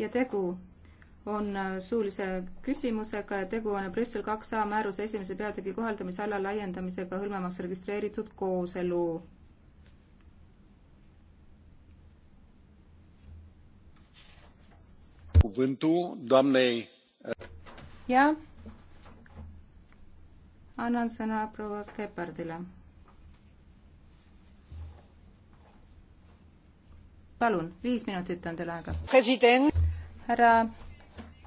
ja tegu on äh, suulise küsimusega ja tegu on Brüssel 2a määruse esimese peatüki kohaldamisala laiendamisega hõlmamaks registreeritud kooselu. Äh, ja annan sõna proua Kepardile. palun, viis minutit on teil aega. president härra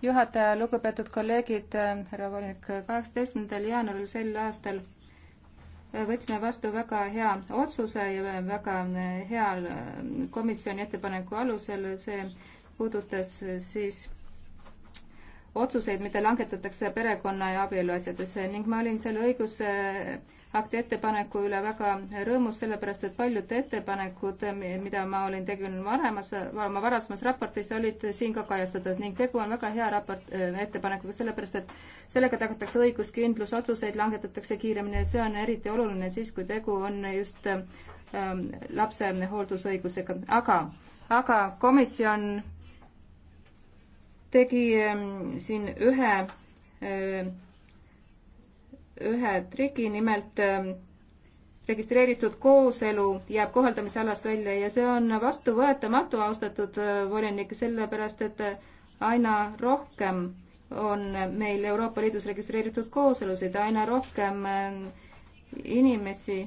juhataja, lugupeetud kolleegid, härra volinik, kaheksateistkümnendal jaanuaril sel aastal võtsime vastu väga hea otsuse ja väga hea komisjoni ettepaneku alusel, see puudutas siis otsuseid, mida langetatakse perekonna ja abielu asjades ning ma olin selle õigusakti ettepaneku üle väga rõõmus, sellepärast et paljud ettepanekud, mida ma olin tegelenud varemas, oma varasemas raportis, olid siin ka kajastatud ning tegu on väga hea raport äh,, ettepanekuga, sellepärast et sellega tagatakse õiguskindlus, otsuseid langetatakse kiiremini ja see on eriti oluline siis, kui tegu on just äh, lapse hooldusõigusega, aga, aga komisjon tegi ehm, siin ühe, ehm, ühe triki, nimelt ehm, registreeritud kooselu jääb kohaldamisalast välja ja see on vastuvõetamatu, austatud äh, volinik, sellepärast et äh, aina rohkem on meil Euroopa Liidus registreeritud kooselusid, aina rohkem äh, inimesi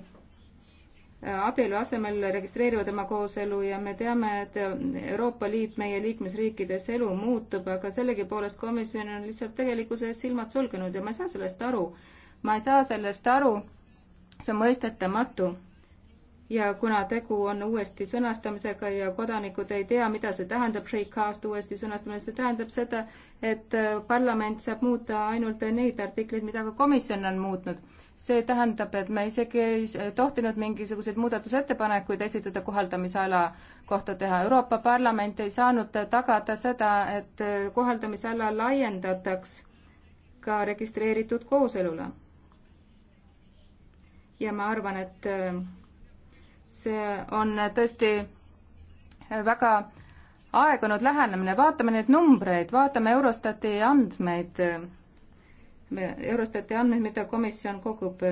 abielu asemel registreerivad oma kooselu ja me teame, et Euroopa Liit meie liikmesriikides elu muutub, aga sellegipoolest komisjon on lihtsalt tegelikkuse ees silmad sulgenud ja ma ei saa sellest aru. ma ei saa sellest aru, see on mõistetamatu. ja kuna tegu on uuesti sõnastamisega ja kodanikud ei tea, mida see tähendab, recast uuesti sõnastamine, see tähendab seda, et äh, parlament saab muuta ainult neid artikleid, mida ka komisjon on muutnud see tähendab, et me isegi ei tohtinud mingisuguseid muudatusettepanekuid esitada kohaldamisala kohta teha. Euroopa Parlament ei saanud tagada seda, et kohaldamisala laiendataks ka registreeritud kooselule. ja ma arvan, et äh, see on tõesti väga aegunud lähenemine, vaatame neid numbreid, vaatame Eurostati andmeid Eurostati andmed, mida komisjon kogub,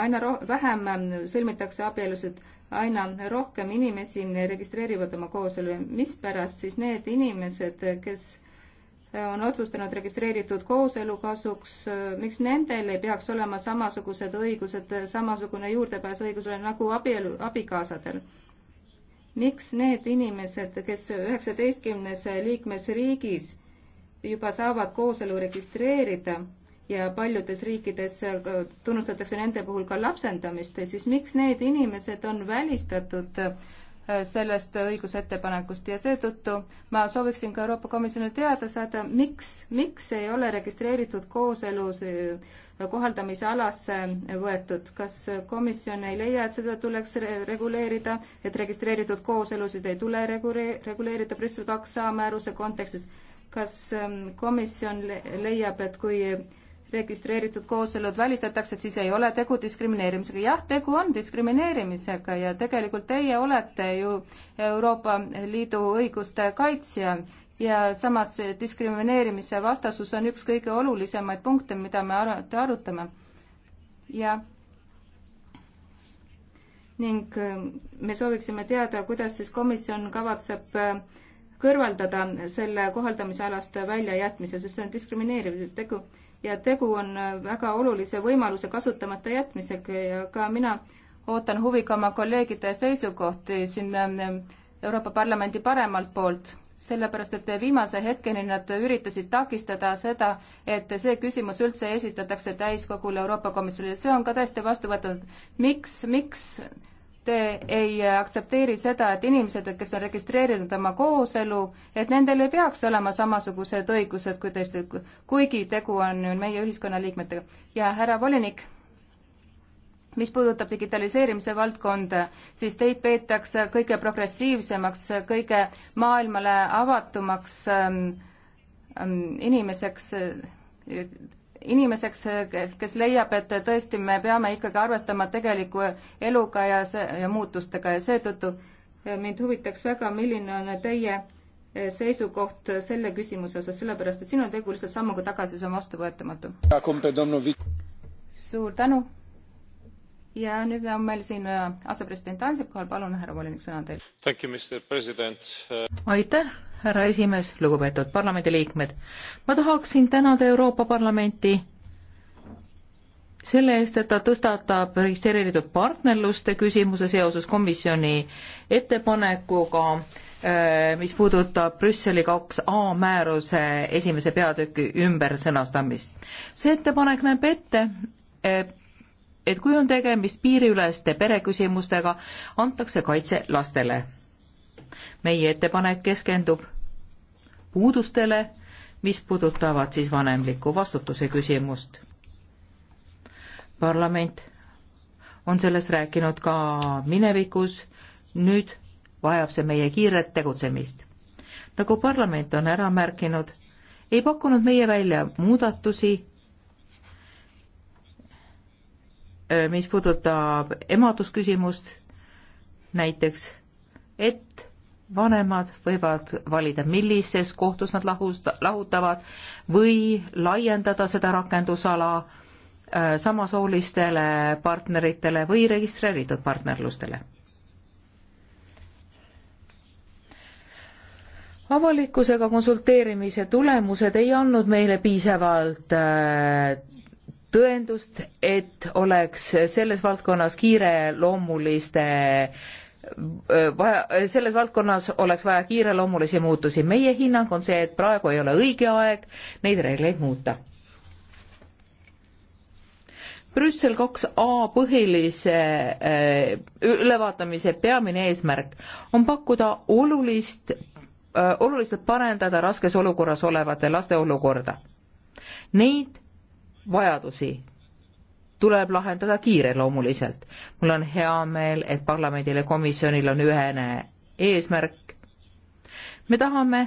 aina roh-, vähem sõlmitakse abielusid, aina rohkem inimesi registreerivad oma kooselu. mispärast siis need inimesed, kes on otsustanud registreeritud kooselu kasuks, miks nendel ei peaks olema samasugused õigused, samasugune juurdepääs õigusele nagu abielu, abikaasadel? miks need inimesed, kes üheksateistkümnes liikmesriigis juba saavad kooselu registreerida, ja paljudes riikides äh, tunnustatakse nende puhul ka lapsendamist, siis miks need inimesed on välistatud äh, sellest õigusettepanekust ja seetõttu ma sooviksin ka Euroopa Komisjonile teada saada, miks, miks ei ole registreeritud kooselus äh, kohaldamise alasse võetud, kas komisjon ei leia, et seda tuleks reguleerida, et registreeritud kooselusid ei tule reguleerida Brüssel kaks A määruse kontekstis, kas ähm, komisjon leiab, et kui registreeritud kooselud välistatakse, et siis ei ole tegu diskrimineerimisega. jah, tegu on diskrimineerimisega ja tegelikult teie olete ju Euroopa Liidu õiguste kaitsja ja samas diskrimineerimise vastasus on üks kõige olulisemaid punkte, mida me arutame. ja ning äh, me sooviksime teada, kuidas siis komisjon kavatseb äh, kõrvaldada selle kohaldamisalast väljajätmise, sest see on diskrimineeriv tegu ja tegu on väga olulise võimaluse kasutamata jätmisega ja ka mina ootan huviga oma kolleegide seisukohti siin ähm, Euroopa Parlamendi paremalt poolt, sellepärast et viimase hetkeni nad üritasid takistada seda, et see küsimus üldse esitatakse täiskogule Euroopa Komisjonile, see on ka täiesti vastuvõetav. miks, miks te ei aktsepteeri seda, et inimesed, kes on registreerinud oma kooselu, et nendel ei peaks olema samasugused õigused kui teistel, kuigi tegu on ju meie ühiskonna liikmetega. ja härra volinik, mis puudutab digitaliseerimise valdkonda, siis teid peetakse kõige progressiivsemaks, kõige maailmale avatumaks ähm, ähm, inimeseks äh, inimeseks, kes leiab, et tõesti, me peame ikkagi arvestama tegeliku eluga ja see, ja muutustega ja seetõttu eh, mind huvitaks väga, milline on teie eh, seisukoht selle küsimuse osas, sellepärast et siin on tegu lihtsalt sammuga tagasi, see on vastuvõetamatu. suur tänu. ja nüüd on meil siin eh, asepresident Ansip kohal, palun, härra volinik, sõna on teil. aitäh, härra esimees, lugupeetud parlamendiliikmed. ma tahaksin tänada Euroopa Parlamenti selle eest, et ta tõstatab registreeritud partnerluste küsimuse seoses komisjoni ettepanekuga, eh, mis puudutab Brüsseli kaks A määruse esimese peatüki ümbersõnastamist. see ettepanek näeb ette, et kui on tegemist piiriüleste pereküsimustega, antakse kaitse lastele meie ettepanek keskendub puudustele, mis puudutavad siis vanemliku vastutuse küsimust. parlament on sellest rääkinud ka minevikus, nüüd vajab see meie kiiret tegutsemist. nagu parlament on ära märkinud, ei pakkunud meie välja muudatusi, mis puudutab emadusküsimust näiteks, et vanemad võivad valida, millises kohtus nad lahus, lahutavad või laiendada seda rakendusala äh, samasoolistele partneritele või registreeritud partnerlustele. avalikkusega konsulteerimise tulemused ei andnud meile piisavalt äh, tõendust, et oleks selles valdkonnas kiireloomuliste vaja, selles valdkonnas oleks vaja kiireloomulisi muutusi. meie hinnang on see, et praegu ei ole õige aeg neid reegleid muuta. Brüssel kaks A põhilise eh, ülevaatamise peamine eesmärk on pakkuda olulist, eh, oluliselt parendada raskes olukorras olevate laste olukorda. Neid vajadusi tuleb lahendada kiireloomuliselt. mul on hea meel, et parlamendil ja komisjonil on ühene eesmärk. me tahame,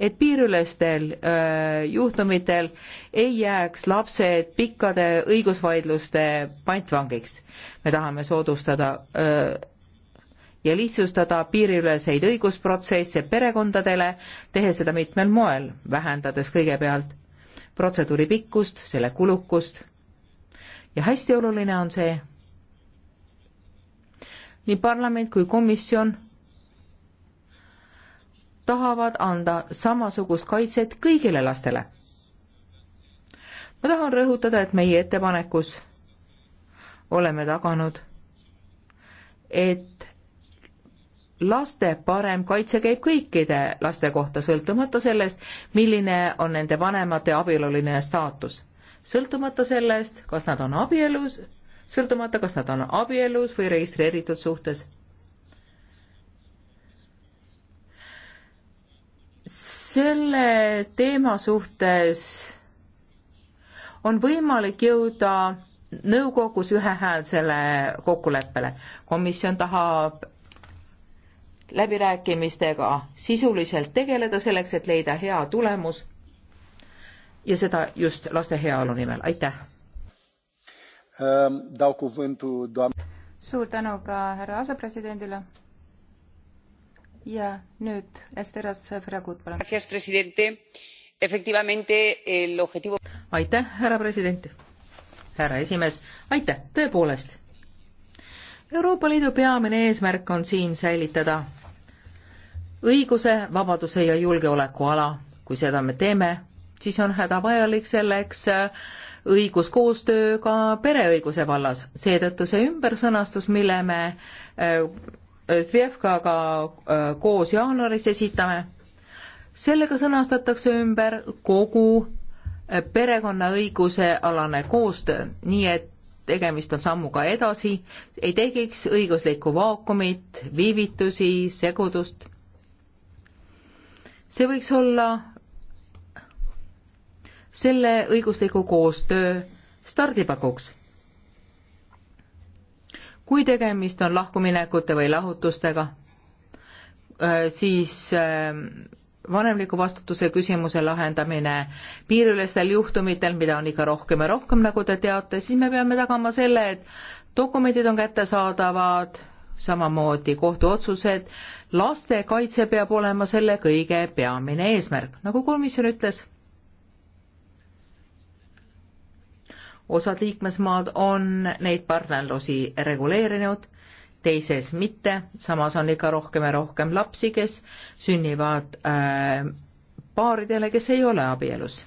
et piiriülestel öö, äh, juhtumitel ei jääks lapsed pikkade õigusvaidluste pantvangiks. me tahame soodustada öö, äh, ja lihtsustada piiriüleseid õigusprotsesse perekondadele, tehes seda mitmel moel, vähendades kõigepealt protseduuri pikkust, selle kulukust ja hästi oluline on see, nii parlament kui komisjon tahavad anda samasugust kaitset kõigile lastele. ma tahan rõhutada, et meie ettepanekus oleme taganud, et laste parem kaitse käib kõikide laste kohta, sõltumata sellest, milline on nende vanemate abieluline staatus sõltumata sellest, kas nad on abielus, sõltumata, kas nad on abielus või registreeritud suhtes. selle teema suhtes on võimalik jõuda nõukogus ühehäälsele kokkuleppele. komisjon tahab läbirääkimistega sisuliselt tegeleda selleks, et leida hea tulemus ja seda just laste heaolu nimel, aitäh! Ähm, suur tänu ka härra asepresidendile. ja nüüd Esteras Fragut, palun. aitäh, härra president, härra esimees, aitäh, tõepoolest. Euroopa Liidu peamine eesmärk on siin säilitada õiguse, vabaduse ja julgeoleku ala. kui seda me teeme, siis on hädavajalik selleks õiguskoostöö ka pereõiguse vallas. seetõttu see ümbersõnastus, mille me äh, Zvjevkaga äh, koos jaanuaris esitame, sellega sõnastatakse ümber kogu äh, perekonnaõiguse alane koostöö, nii et tegemist on sammuga edasi, ei tekiks õiguslikku vaakumit, viivitusi, segudust. see võiks olla selle õigusliku koostöö stardipakuks. kui tegemist on lahkuminekute või lahutustega, äh, siis ähm, vanemliku vastutuse küsimuse lahendamine piiriülestel juhtumitel, mida on ikka rohkem ja rohkem, nagu te teate, siis me peame tagama selle, et dokumendid on kättesaadavad, samamoodi kohtuotsused, lastekaitse peab olema selle kõige peamine eesmärk, nagu komisjon ütles. osad liikmesmaad on neid partnerlusi reguleerinud, teises mitte, samas on ikka rohkem ja rohkem lapsi, kes sünnivad äh, paaridele, kes ei ole abielus.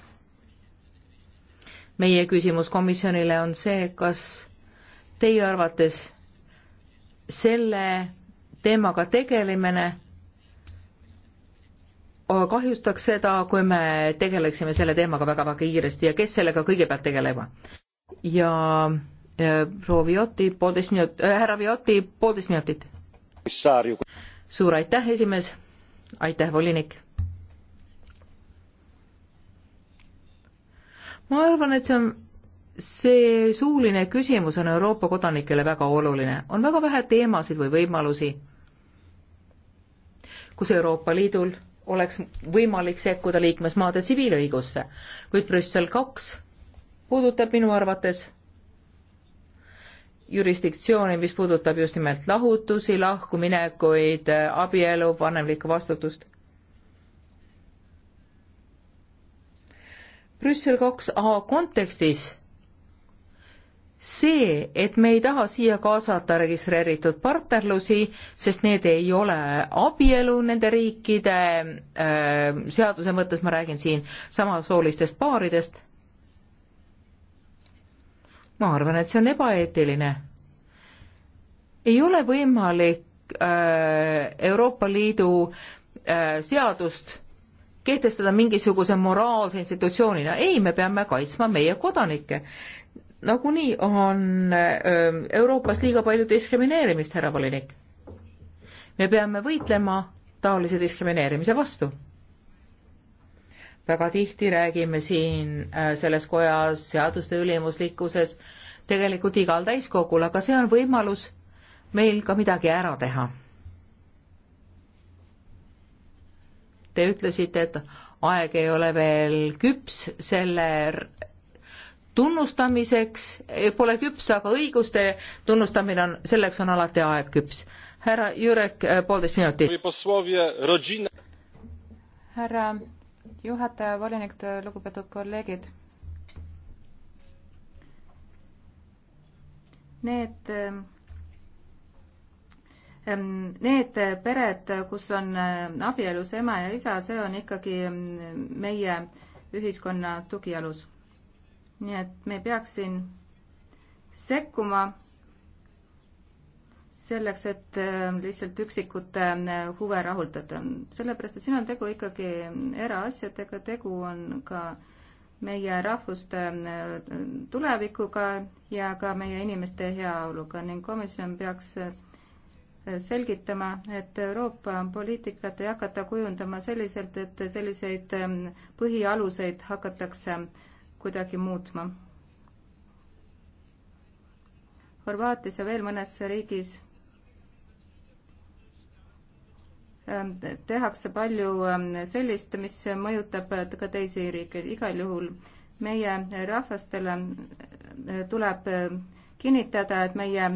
meie küsimus komisjonile on see, kas teie arvates selle teemaga tegelemine kahjustaks seda, kui me tegeleksime selle teemaga väga-väga kiiresti ja kes sellega kõigepealt tegelema? ja e, proua Vioti poolteist minut- äh,, härra Vioti poolteist minutit. suur aitäh, esimees, aitäh, volinik. ma arvan, et see on, see suuline küsimus on Euroopa kodanikele väga oluline, on väga vähe teemasid või võimalusi, kus Euroopa Liidul oleks võimalik sekkuda liikmesmaade tsiviilõigusse, kuid Brüssel kaks puudutab minu arvates jurisdiktsiooni, mis puudutab just nimelt lahutusi, lahkuminekuid, abielu, vanemlikku vastutust. Brüssel kaks A kontekstis see, et me ei taha siia kaasata registreeritud partnerlusi, sest need ei ole abielu nende riikide äh, seaduse mõttes, ma räägin siin samasoolistest paaridest ma arvan, et see on ebaeetiline. ei ole võimalik äh, Euroopa Liidu äh, seadust kehtestada mingisuguse moraalse institutsioonina, ei, me peame kaitsma meie kodanikke. nagunii on äh, Euroopas liiga palju diskrimineerimist, härra volinik. me peame võitlema taolise diskrimineerimise vastu väga tihti räägime siin äh, selles kojas seaduste ülimuslikkuses tegelikult igal täiskogul, aga see on võimalus meil ka midagi ära teha. Te ütlesite, et aeg ei ole veel küps selle tunnustamiseks, pole küps, aga õiguste tunnustamine on, selleks on alati aeg küps. härra Jürek, äh, poolteist minutit. härra juhataja, volinik, lugupeetud kolleegid. Need, ähm, need pered, kus on äh, abielus ema ja isa, see on ikkagi ähm, meie ühiskonna tugialus. nii et me peaks siin sekkuma selleks, et ähm, lihtsalt üksikute ähm, huve rahuldada. sellepärast, et siin on tegu ikkagi eraasjadega, tegu on ka meie rahvuste ähm, tulevikuga ja ka meie inimeste heaoluga ning komisjon peaks äh, selgitama, et Euroopa poliitikat ei hakata kujundama selliselt, et selliseid põhialuseid hakatakse kuidagi muutma. Horvaatias ja veel mõnes riigis Ähm, tehakse palju ähm, sellist, mis mõjutab äh, ka teisi riike. igal juhul meie rahvastele äh, tuleb äh, kinnitada, et meie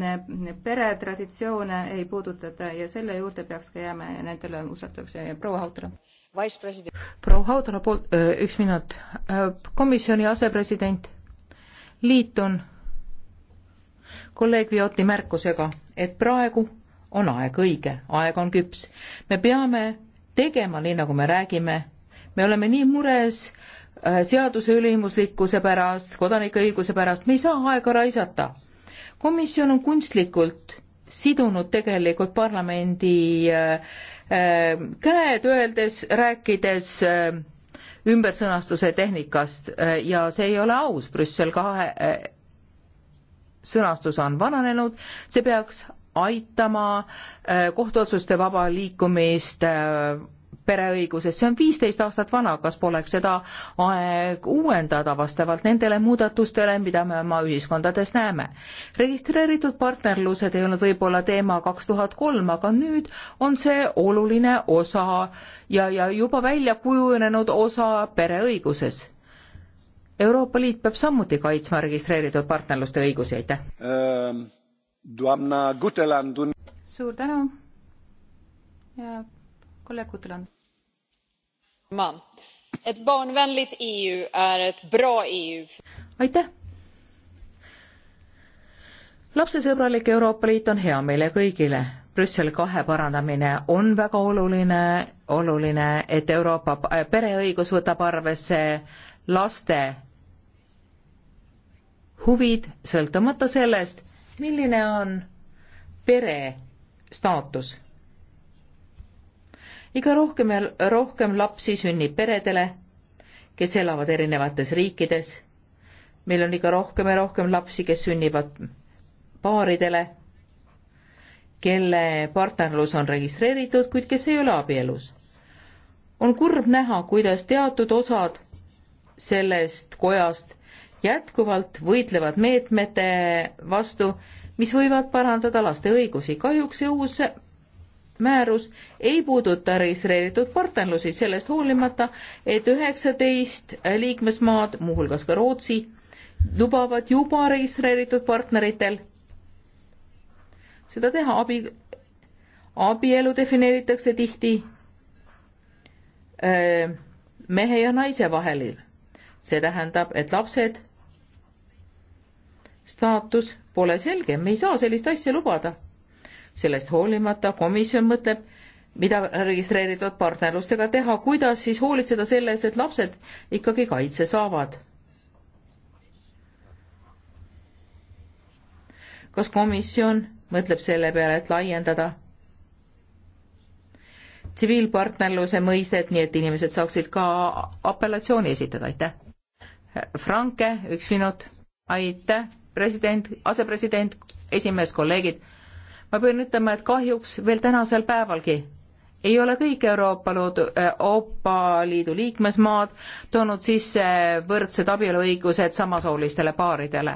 peretraditsioone ei puudutata ja selle juurde peaks ka jääma ja nendele usaldatakse. proua Hautala. proua Hautala poolt, üks minut. komisjoni asepresident, liitun kolleeg Vioti märkusega, et praegu on aeg õige, aeg on küps. me peame tegema nii, nagu me räägime. me oleme nii mures äh, seaduse ülimuslikkuse pärast, kodanikeõiguse pärast, me ei saa aega raisata. komisjon on kunstlikult sidunud tegelikult parlamendi äh, äh, käed, öeldes, rääkides ümbersõnastuse tehnikast ja see ei ole aus, Brüssel kahe sõnastus on vananenud, see peaks aitama äh, kohtuotsuste vaba liikumist äh, pereõiguses, see on viisteist aastat vana, kas poleks seda aeg uuendada vastavalt nendele muudatustele, mida me oma ühiskondades näeme? registreeritud partnerlused ei olnud võib-olla teema kaks tuhat kolm, aga nüüd on see oluline osa ja, ja juba välja kujunenud osa pereõiguses. Euroopa Liit peab samuti kaitsma registreeritud partnerluste õigusi, aitäh ähm.! suur tänu ja kolleeg Guteland. E e aitäh. lapsesõbralik Euroopa Liit on hea meile kõigile Brüssel kahe parandamine on väga oluline, oluline, et Euroopa äh, pereõigus võtab arvesse laste huvid, sõltumata sellest, milline on pere staatus? iga rohkem ja rohkem lapsi sünnib peredele, kes elavad erinevates riikides. meil on iga rohkem ja rohkem lapsi, kes sünnivad paaridele, kelle partnerlus on registreeritud, kuid kes ei ole abielus. on kurb näha, kuidas teatud osad sellest kojast jätkuvalt võitlevad meetmete vastu, mis võivad parandada laste õigusi. kahjuks see uus määrus ei puuduta registreeritud partnerlusi, sellest hoolimata, et üheksateist liikmesmaad, muuhulgas ka Rootsi, lubavad juba registreeritud partneritel seda teha, abi, abielu defineeritakse tihti öö, äh, mehe ja naise vahelil. see tähendab, et lapsed staatus pole selge, me ei saa sellist asja lubada. sellest hoolimata komisjon mõtleb, mida registreeritud partnerlustega teha, kuidas siis hoolitseda selle eest, et lapsed ikkagi kaitse saavad. kas komisjon mõtleb selle peale, et laiendada tsiviilpartnerluse mõistet, nii et inimesed saaksid ka apellatsiooni esitada, aitäh. Franke, üks minut, aitäh president, asepresident, esimees, kolleegid, ma pean ütlema, et kahjuks veel tänasel päevalgi ei ole kõik Euroopa Liidu, äh, Euroopa Liidu liikmesmaad toonud sisse võrdsed abieluõigused samasoolistele paaridele.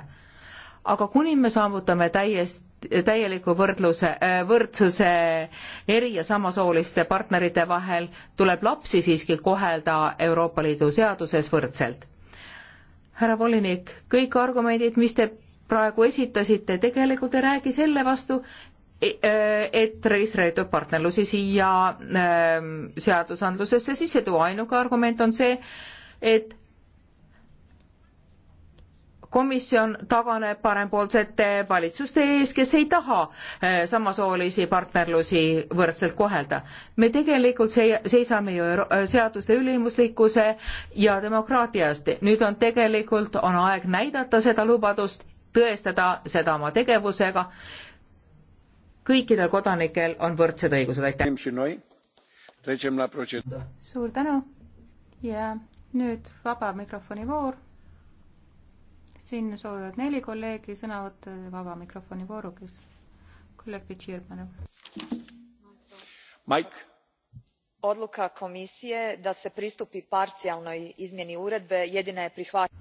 aga kuni me saavutame täiesti täieliku võrdluse, äh, võrdsuse eri- ja samasooliste partnerite vahel, tuleb lapsi siiski kohelda Euroopa Liidu seaduses võrdselt. härra volinik, kõik argumendid, mis te praegu esitasite, tegelikult ei räägi selle vastu, e-, e-, et registreeritud partnerlusi siia e-, seadusandlusesse sisse tuua, ainuke argument on see, et komisjon taganeb parempoolsete valitsuste ees, kes ei taha samasoolisi partnerlusi võrdselt kohelda. me tegelikult seisame ju seaduste ülimuslikkuse ja demokraatia eest. nüüd on tegelikult, on aeg näidata seda lubadust tõestada seda oma tegevusega. kõikidel kodanikel on võrdsed õigused, aitäh! suur tänu ja nüüd vaba mikrofoni voor. siin soovivad neli kolleegi sõna võtta vaba mikrofoni vooruks. kolleeg Pitšir, palun. Mike odluka komisije da se pristupi parcijalnoj izmjeni uredbe jedina je prihvatljiva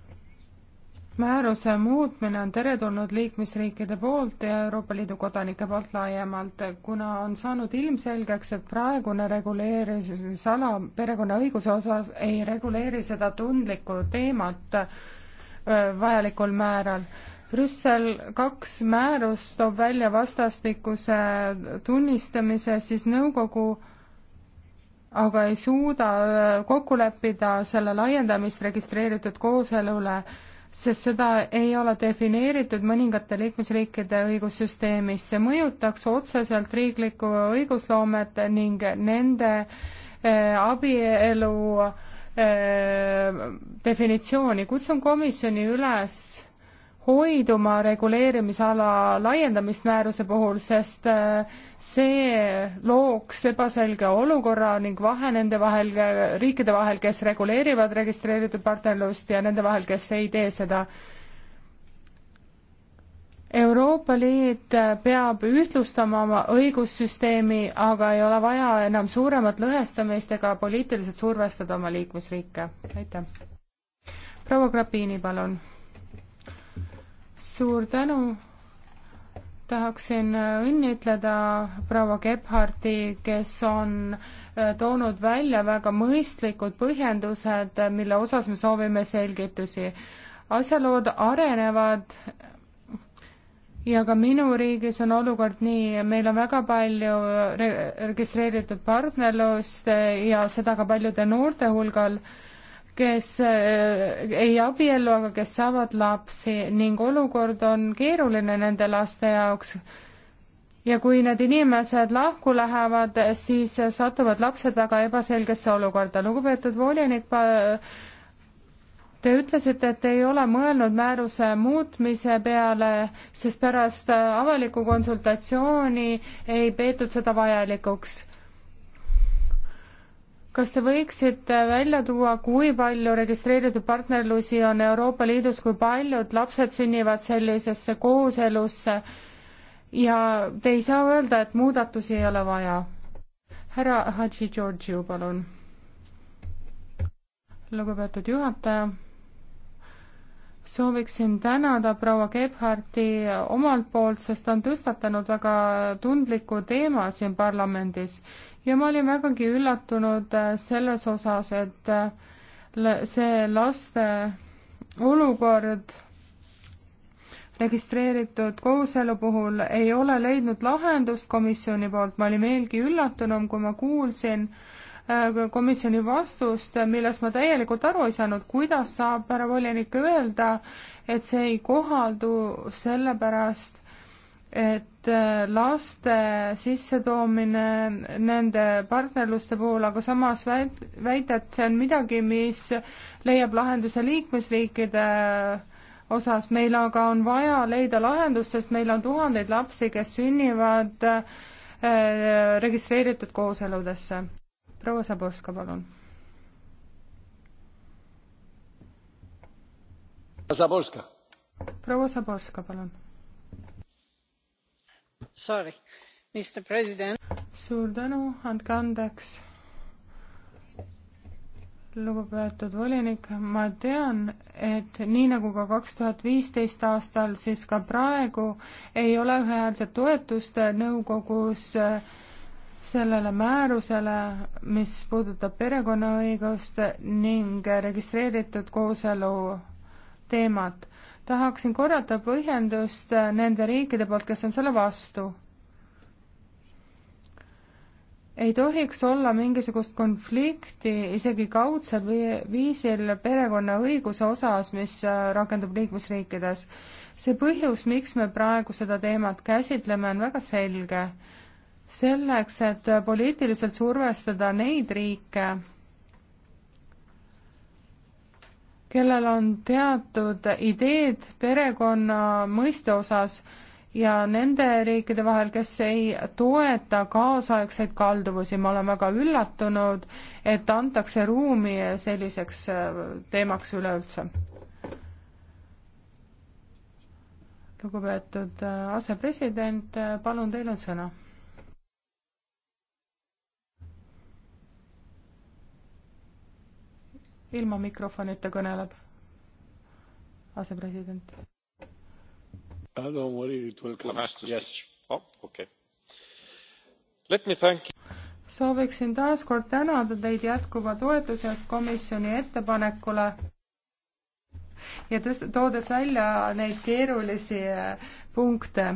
määruse muutmine on teretulnud liikmesriikide poolt ja Euroopa Liidu kodanike poolt laiemalt, kuna on saanud ilmselgeks, et praegune reguleerimisala perekonnaõiguse osas ei reguleeri seda tundlikku teemat vajalikul määral. Brüssel kaks määrus toob välja vastastikuse tunnistamise, siis nõukogu aga ei suuda kokku leppida selle laiendamist registreeritud kooselule sest seda ei ole defineeritud mõningate liikmesriikide õigussüsteemis. see mõjutaks otseselt riiklikku õigusloomet ning nende eh, abielu eh, definitsiooni. kutsun komisjoni üles hoiduma reguleerimisala laiendamist määruse puhul, sest äh, see looks ebaselge olukorra ning vahe nende vahel, riikide vahel, kes reguleerivad registreeritud partnerlust ja nende vahel, kes ei tee seda. Euroopa Liit peab ühtlustama oma õigussüsteemi, aga ei ole vaja enam suuremat lõhestamist ega poliitiliselt survestada oma liikmesriike. aitäh. proua Grapini, palun suur tänu. tahaksin äh, õnnitleda proua Gebhardi, kes on äh, toonud välja väga mõistlikud põhjendused, äh, mille osas me soovime selgitusi. asjalood arenevad ja ka minu riigis on olukord nii, meil on väga palju re registreeritud partnerlust ja seda ka paljude noorte hulgal kes äh, ei abiellu, aga kes saavad lapsi ning olukord on keeruline nende laste jaoks. ja kui need inimesed lahku lähevad, siis satuvad lapsed väga ebaselgesse olukorda. lugupeetud volinik, te ütlesite, et ei ole mõelnud määruse muutmise peale, sest pärast avalikku konsultatsiooni ei peetud seda vajalikuks kas te võiksite välja tuua, kui palju registreeritud partnerlusi on Euroopa Liidus, kui paljud lapsed sünnivad sellisesse kooselusse ja te ei saa öelda, et muudatusi ei ole vaja? härra Hadži Georgiou, palun. lugupeetud juhataja, sooviksin tänada proua Gebharti omalt poolt, sest ta on tõstatanud väga tundliku teema siin parlamendis ja ma olin vägagi üllatunud äh, selles osas, et äh, see laste olukord registreeritud kooselu puhul ei ole leidnud lahendust komisjoni poolt, ma olin veelgi üllatunum, kui ma kuulsin äh, komisjoni vastust, millest ma täielikult aru ei saanud, kuidas saab härra volinik öelda, et see ei kohaldu sellepärast, et äh, laste sissetoomine nende partnerluste puhul, aga samas väita, et see on midagi, mis leiab lahenduse liikmesriikide osas, meil aga on vaja leida lahendus, sest meil on tuhandeid lapsi, kes sünnivad äh, registreeritud kooseludesse. proua Saborska, palun. proua Saborska, palun suur tänu, andke andeks. lugupeetud volinik, ma tean, et nii nagu ka kaks tuhat viisteist aastal, siis ka praegu ei ole ühehäälset toetust nõukogus sellele määrusele, mis puudutab perekonnaõigust ning registreeritud kooselu teemat tahaksin korrata põhjendust nende riikide poolt, kes on selle vastu. ei tohiks olla mingisugust konflikti isegi kaudsel viisil perekonnaõiguse osas, mis äh, rakendub liikmesriikides. see põhjus, miks me praegu seda teemat käsitleme, on väga selge. selleks, et poliitiliselt survestada neid riike, kellel on teatud ideed perekonna mõiste osas ja nende riikide vahel, kes ei toeta kaasaegseid kalduvusi, ma olen väga üllatunud, et antakse ruumi selliseks äh, teemaks üleüldse. lugupeetud äh, asepresident, äh, palun, teil on sõna ilma mikrofonita kõneleb asepresident. Yes. Oh, okay. sooviksin taas kord tänada teid jätkuva toetuse eest komisjoni ettepanekule ja tõst-, toodes välja neid keerulisi eh, punkte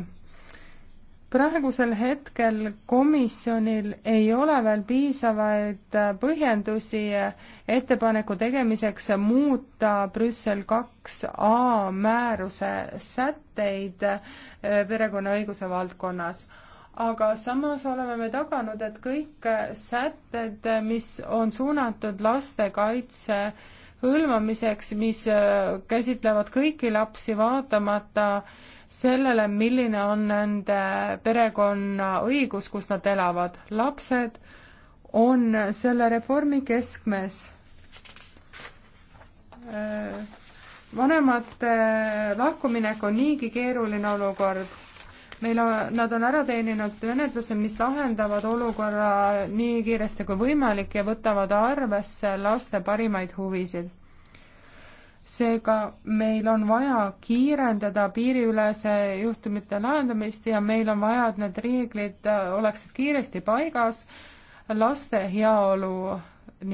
praegusel hetkel komisjonil ei ole veel piisavaid põhjendusi ettepaneku tegemiseks muuta Brüssel kaks A määruse sätteid äh, perekonnaõiguse valdkonnas. aga samas oleme me taganud, et kõik sätted, mis on suunatud lastekaitse hõlmamiseks, mis äh, käsitlevad kõiki lapsi, vaatamata sellele, milline on nende perekonna õigus, kus nad elavad. lapsed on selle reformi keskmes. Äh, vanemate lahkuminek on niigi keeruline olukord meil on, nad on ära teeninud menetluse, mis lahendavad olukorra nii kiiresti kui võimalik ja võtavad arvesse laste parimaid huvisid. seega meil on vaja kiirendada piiriülese juhtumite lahendamist ja meil on vaja, et need reeglid oleksid kiiresti paigas laste heaolu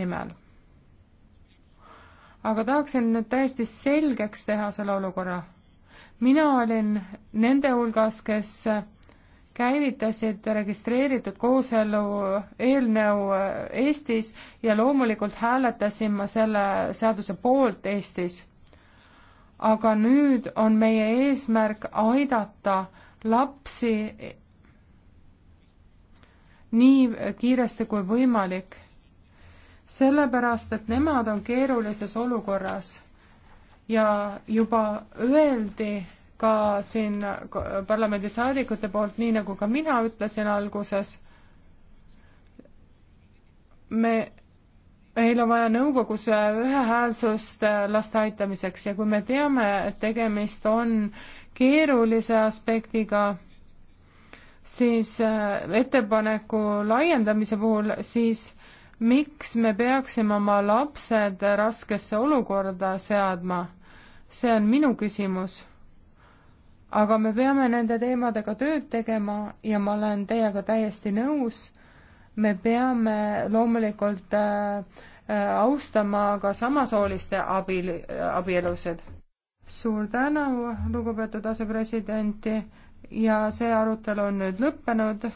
nimel aga tahaksin nüüd täiesti selgeks teha selle olukorra mina olin nende hulgas, kes käivitasid registreeritud kooselu eelnõu Eestis ja loomulikult hääletasin ma selle seaduse poolt Eestis. aga nüüd on meie eesmärk aidata lapsi nii kiiresti kui võimalik, sellepärast et nemad on keerulises olukorras ja juba öeldi ka siin parlamendisaadikute poolt, nii nagu ka mina ütlesin alguses, me, meil on vaja nõukogus ühehäälsust äh, laste aitamiseks ja kui me teame, et tegemist on keerulise aspektiga, siis äh, ettepaneku laiendamise puhul, siis miks me peaksime oma lapsed raskesse olukorda seadma see on minu küsimus. aga me peame nende teemadega tööd tegema ja ma olen teiega täiesti nõus. me peame loomulikult äh, äh austama ka samasooliste abil, abielusid. suur tänu, lugupeetud asepresident ja see arutelu on nüüd lõppenud.